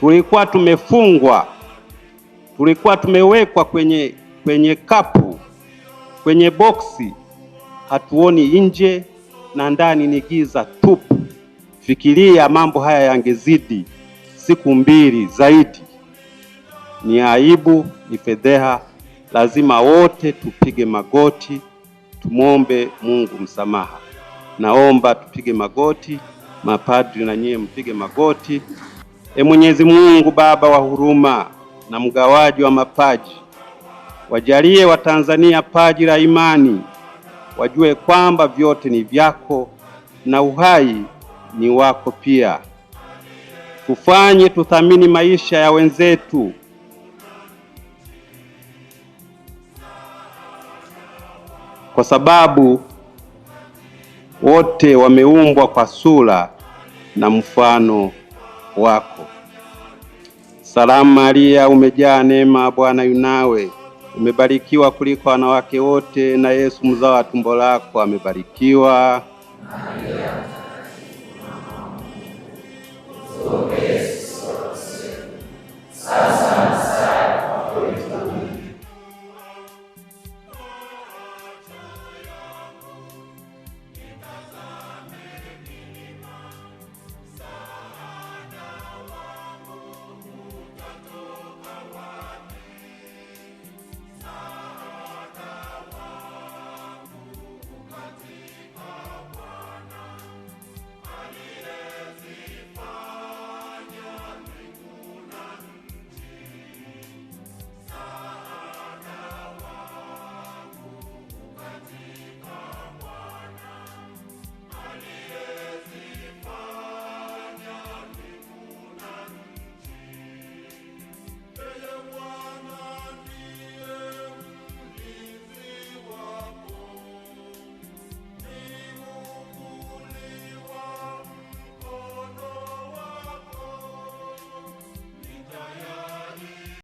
tulikuwa tumefungwa, tulikuwa tumewekwa kwenye kwenye kapu, kwenye boksi, hatuoni nje na ndani ni giza tupu. Fikiria mambo haya yangezidi siku mbili zaidi. Ni aibu, ni fedheha. Lazima wote tupige magoti, tumwombe Mungu msamaha. Naomba tupige magoti, mapadri na nyie mpige magoti. E Mwenyezi Mungu Baba wa huruma na mgawaji wa mapaji, wajalie Watanzania paji la imani, wajue kwamba vyote ni vyako na uhai ni wako pia. Tufanye tuthamini maisha ya wenzetu, kwa sababu wote wameumbwa kwa sura na mfano wako. Salamu Maria, umejaa neema, Bwana yunawe, umebarikiwa kuliko wanawake wote, na Yesu mzao wa tumbo lako amebarikiwa. Amen.